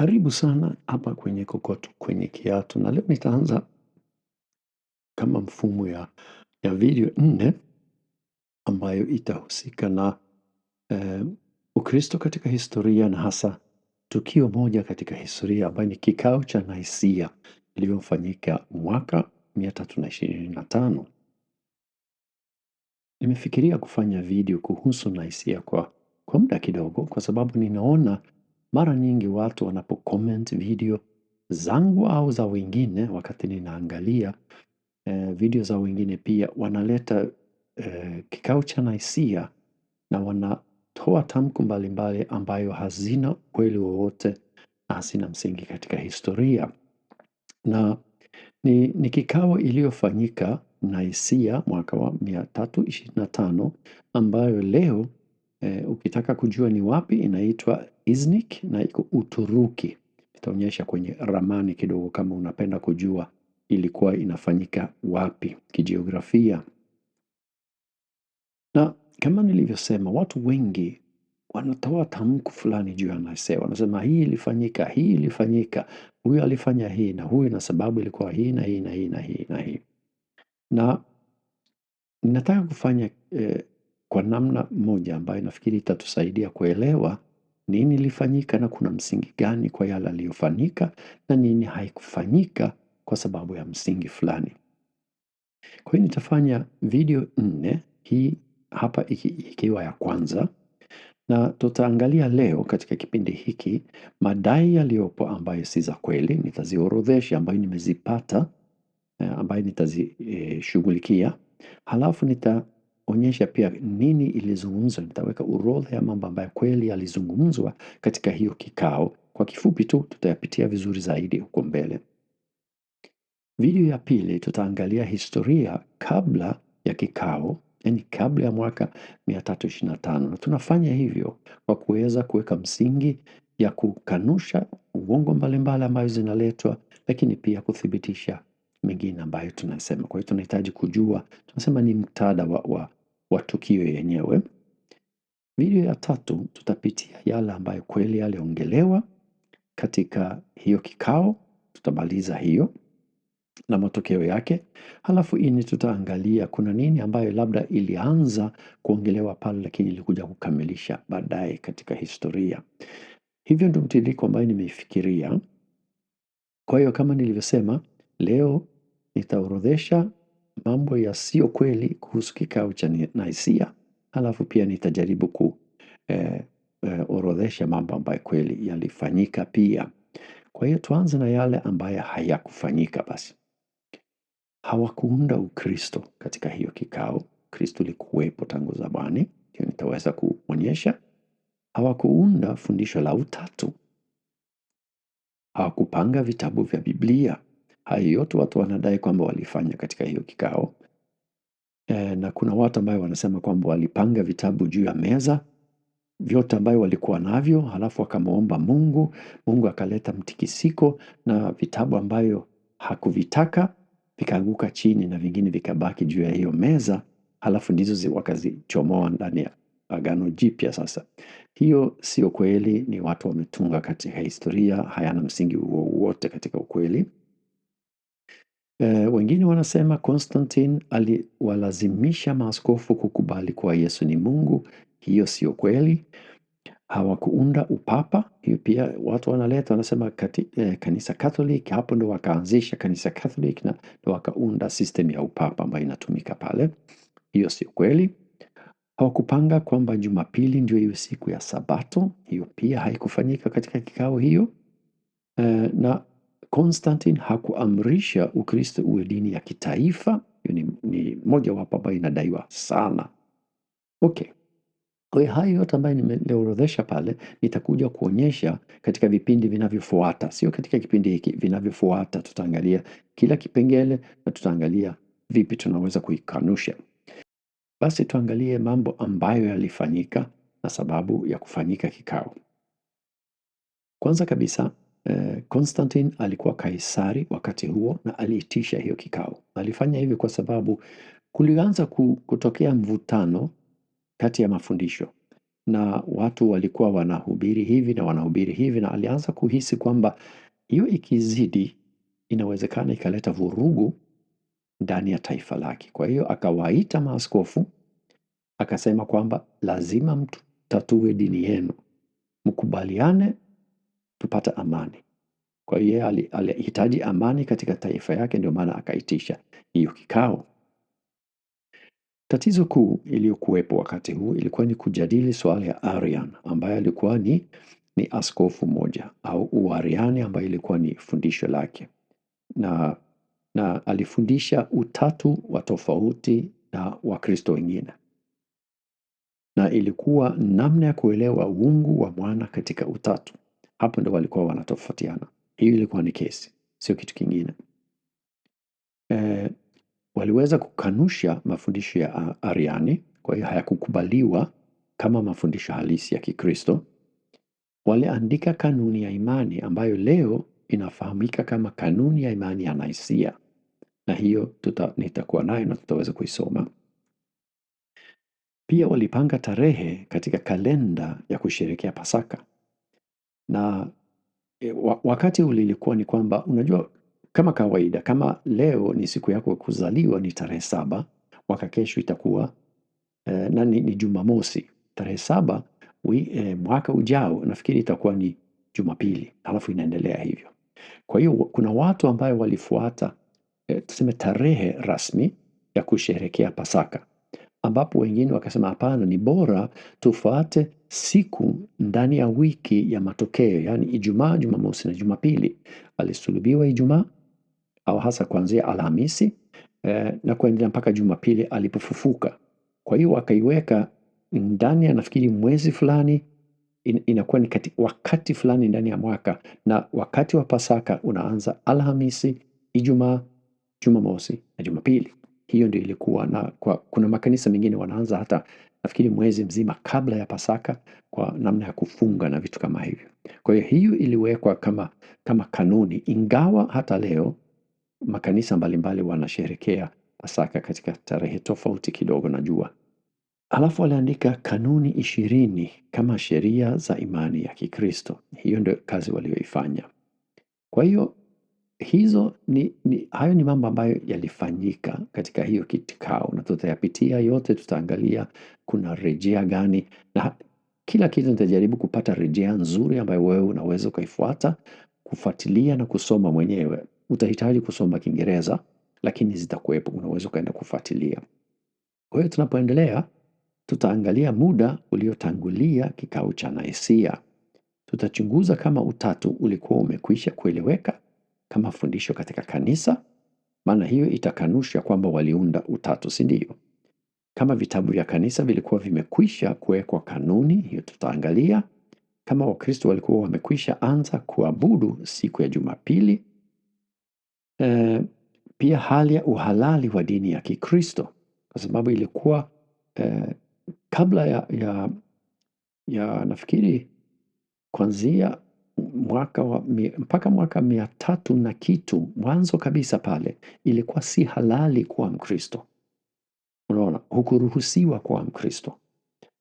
Karibu sana hapa kwenye kokoto kwenye kiatu, na leo nitaanza kama mfumo ya, ya video nne ambayo itahusika na eh, Ukristo katika historia na hasa tukio moja katika historia ambayo ni kikao cha naisia iliyofanyika mwaka 325. Nimefikiria kufanya video kuhusu naisia kwa, kwa muda kidogo, kwa sababu ninaona mara nyingi watu wanapocomment video zangu au za wengine wakati ninaangalia eh, video za wengine pia wanaleta eh, kikao cha hisia na wanatoa tamko mbalimbali ambayo hazina ukweli wowote na hazina msingi katika historia. Na ni kikao iliyofanyika na hisia mwaka wa mia tatu na tano ambayo leo Eh, ukitaka kujua ni wapi inaitwa Iznik na iko Uturuki. itaonyesha kwenye ramani kidogo kama unapenda kujua ilikuwa inafanyika wapi kijiografia. Na kama nilivyosema, watu wengi wanatoa tamko fulani juu ya Nicaea, wanasema hii ilifanyika, hii ilifanyika, huyu alifanya hii na huyu, na sababu ilikuwa hii na hii na hii na hii na hii. Na ninataka kufanya eh, kwa namna moja ambayo nafikiri itatusaidia kuelewa nini ilifanyika na kuna msingi gani kwa yale aliyofanyika na nini haikufanyika kwa sababu ya msingi fulani. Kwa hiyo nitafanya video nne hii hapa ikiwa ya kwanza na tutaangalia leo katika kipindi hiki madai yaliyopo ambayo si za kweli, nitaziorodhesha ambayo nimezipata eh, ambayo nitazishughulikia. Eh, Halafu nita onyesha pia nini ilizungumzwa. Nitaweka urodha ya mambo ambayo kweli yalizungumzwa katika hiyo kikao. Kwa kifupi tu tutayapitia vizuri zaidi huko mbele. Video ya pili tutaangalia historia kabla ya kikao, yani kabla ya mwaka 325 na tunafanya hivyo kwa kuweza kuweka msingi ya kukanusha uongo mbalimbali ambayo zinaletwa, lakini pia kuthibitisha mengine ambayo tunasema. Kwa hiyo tunahitaji kujua, tunasema ni mktada wa, wa, wa tukio yenyewe. Video ya tatu tutapitia yale ambayo kweli yaliongelewa katika hiyo kikao, tutamaliza hiyo na matokeo yake. Halafu ini tutaangalia kuna nini ambayo labda ilianza kuongelewa pale, lakini ilikuja kukamilisha baadaye katika historia. Hivyo ndio mtiririko ambayo nimeifikiria. Kwa hiyo kama nilivyosema, Leo nitaorodhesha mambo yasiyo kweli kuhusu kikao cha Naisia, halafu pia nitajaribu ku eh, eh, orodhesha mambo ambayo kweli yalifanyika pia. Kwa hiyo tuanze na yale ambayo hayakufanyika basi. Hawakuunda Ukristo katika hiyo kikao. Kristo likuwepo tangu zamani, hiyo nitaweza kuonyesha. Hawakuunda fundisho la utatu. Hawakupanga vitabu vya Biblia. Hayo yote watu wanadai kwamba walifanya katika hiyo kikao e, na kuna watu ambayo wanasema kwamba walipanga vitabu juu ya meza vyote ambayo walikuwa navyo, halafu akamwomba Mungu. Mungu akaleta mtikisiko na vitabu ambayo hakuvitaka vikaanguka chini na vingine vikabaki juu ya hiyo meza, halafu ndizo wakazichomoa ndani ya Agano Jipya. Sasa hiyo sio kweli, ni watu wametunga katika historia, hayana msingi wowote katika ukweli. Eh, wengine wanasema Konstantin aliwalazimisha maaskofu kukubali kuwa Yesu ni Mungu. Hiyo sio kweli. Hawakuunda upapa. Hiyo pia watu wanaleta wanasema kati, eh, kanisa Catholic hapo ndo wakaanzisha kanisa Catholic na ndo wakaunda system ya upapa ambayo inatumika pale. Hiyo sio kweli. Hawakupanga kwamba Jumapili ndio iwe siku ya Sabato. Hiyo pia haikufanyika katika kikao hiyo. Eh, na Konstantin hakuamrisha Ukristo uwe dini ya kitaifa. Hiyo ni, ni moja wapo ambayo inadaiwa sana. Okay. Kwa hayo yote ambayo nimeorodhesha pale nitakuja kuonyesha katika vipindi vinavyofuata, sio katika kipindi hiki, vinavyofuata. Tutaangalia kila kipengele na tutaangalia vipi tunaweza kuikanusha. Basi tuangalie mambo ambayo yalifanyika na sababu ya kufanyika kikao. Kwanza kabisa Konstantin eh, alikuwa kaisari wakati huo na aliitisha hiyo kikao. Alifanya hivi kwa sababu kulianza kutokea mvutano kati ya mafundisho na watu walikuwa wanahubiri hivi na wanahubiri hivi, na alianza kuhisi kwamba hiyo ikizidi inawezekana ikaleta vurugu ndani ya taifa lake. Kwa hiyo akawaita maaskofu akasema kwamba lazima tatue dini yenu, mkubaliane tupate amani. Kwa hiyo alihitaji amani katika taifa yake, ndio maana akaitisha hiyo kikao. Tatizo kuu iliyokuwepo wakati huu ilikuwa ni kujadili suala ya Arian ambaye alikuwa ni, ni askofu moja au uariani ambaye ilikuwa ni fundisho lake na, na alifundisha utatu wa tofauti na Wakristo wengine na ilikuwa namna ya kuelewa uungu wa mwana katika utatu. Hapo ndo walikuwa wanatofautiana. Hiyo ilikuwa ni kesi, sio kitu kingine. E, waliweza kukanusha mafundisho ya Ariani, kwa hiyo hayakukubaliwa kama mafundisho halisi ya Kikristo. Waliandika kanuni ya imani ambayo leo inafahamika kama kanuni ya imani ya Nisia, na hiyo tuta, nitakuwa nayo na tutaweza kuisoma. Pia walipanga tarehe katika kalenda ya kusherekea Pasaka na e, wakati ule ilikuwa ni kwamba unajua kama kawaida, kama leo ni siku yako ya kuzaliwa ni tarehe saba, mwaka kesho itakuwa e, na ni, ni Jumamosi tarehe saba wi, e, mwaka ujao nafikiri itakuwa ni Jumapili, alafu inaendelea hivyo. Kwa hiyo kuna watu ambayo walifuata e, tuseme tarehe rasmi ya kusherekea Pasaka ambapo wengine wakasema hapana, ni bora tufuate siku ndani ya wiki ya matokeo, yani Ijumaa, Jumamosi na Jumapili. Alisulubiwa Ijumaa au hasa kuanzia Alhamisi eh, na kuendelea mpaka Jumapili alipofufuka. Kwa hiyo wakaiweka ndani ya nafikiri mwezi fulani in, inakuwa ni kati, wakati fulani ndani ya mwaka, na wakati wa Pasaka unaanza Alhamisi, Ijumaa, Jumamosi na Jumapili hiyo ndio ilikuwa na kwa, kuna makanisa mengine wanaanza hata nafikiri mwezi mzima kabla ya Pasaka kwa namna ya kufunga na vitu kama hivyo. Kwa hiyo hiyo iliwekwa kama, kama kanuni, ingawa hata leo makanisa mbalimbali wanasherekea Pasaka katika tarehe tofauti kidogo, najua. Alafu waliandika kanuni ishirini kama sheria za imani ya Kikristo. Hiyo ndio kazi walioifanya. Kwa hiyo hizo ni, ni, hayo ni mambo ambayo yalifanyika katika hiyo kitikao na tutayapitia yote, tutaangalia kuna rejea gani na kila kitu. Nitajaribu kupata rejea nzuri ambayo wewe unaweza ukaifuata kufuatilia na kusoma mwenyewe. Utahitaji kusoma Kiingereza, lakini zitakuwepo, unaweza ukaenda kufuatilia. Kwa hiyo tunapoendelea, tutaangalia muda uliotangulia kikao cha Naisia. Tutachunguza kama utatu ulikuwa umekwisha kueleweka kama fundisho katika kanisa, maana hiyo itakanusha kwamba waliunda utatu, si ndio? Kama vitabu vya kanisa vilikuwa vimekwisha kuwekwa kanuni, hiyo tutaangalia. Kama Wakristo walikuwa wamekwisha anza kuabudu siku ya Jumapili. E, pia hali ya uhalali wa dini ya Kikristo kwa sababu ilikuwa e, kabla ya, ya, ya nafikiri kuanzia mwaka wa, mpaka mwaka mia tatu na kitu mwanzo kabisa pale ilikuwa si halali kuwa Mkristo. Unaona, hukuruhusiwa kuwa Mkristo,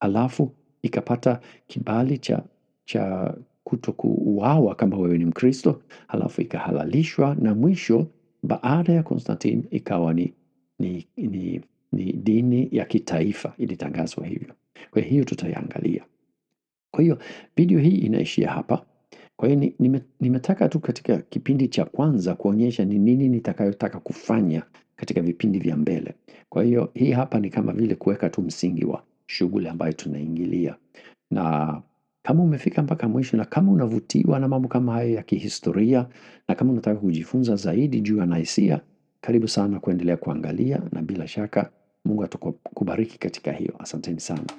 alafu ikapata kibali cha cha kuto kuuawa kama wewe ni Mkristo, halafu ikahalalishwa na mwisho baada ya Konstantin ikawa ni, ni, ni, ni dini ya kitaifa, ilitangazwa hivyo. Kwa hiyo tutaiangalia. Kwa hiyo video hii inaishia hapa. Kwa hiyo nimetaka tu katika kipindi cha kwanza kuonyesha ni nini nitakayotaka kufanya katika vipindi vya mbele. Kwa hiyo hii hapa ni kama vile kuweka tu msingi wa shughuli ambayo tunaingilia. Na kama umefika mpaka mwisho na kama unavutiwa na mambo kama hayo ya kihistoria na kama unataka kujifunza zaidi juu ya naisia, karibu sana kuendelea kuangalia na bila shaka mungu atakubariki katika hiyo. Asanteni sana.